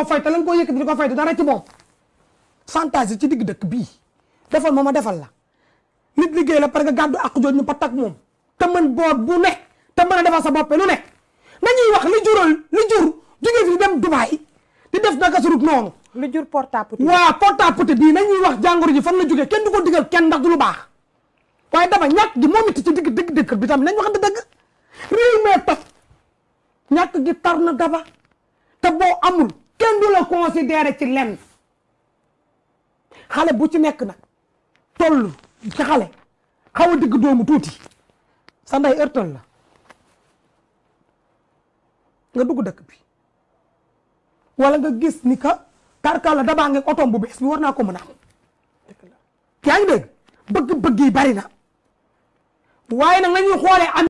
ko fay te la nga di ko fay te dara ci moom chantage ci digg dëkk bii defal ma ma defal la ni liggéey la parce que gàddu ak jooju ñu pat ak moom te mën boor bu nekk te a defal sa boppe lu nekk nañuy wax li jural li jur jógee fi dem Dubaay di def naka surut noonu lu jur porte-à-pote waaw porte-à-pote bii nañuy wax jàngoro ji fan la jógee kenn du ko digal kenn ndax du lu baax dama ñàkk gi moom it ci digg digg dëkk bi tam nañ wax dëgg réew mee toj ñàkk gi tar na daba ta boo amul kenn du la considéré ci lenn xale bu ci nekk nag toll ci xale xaw doomu tuuti sa nday ërtal la nga dugg dëkk bi wala nga gis ni ka karkala la dabaa bu bees bi war naa ko mën a am yaa ngi dégg bari na waaye nag la ñuy xoolee am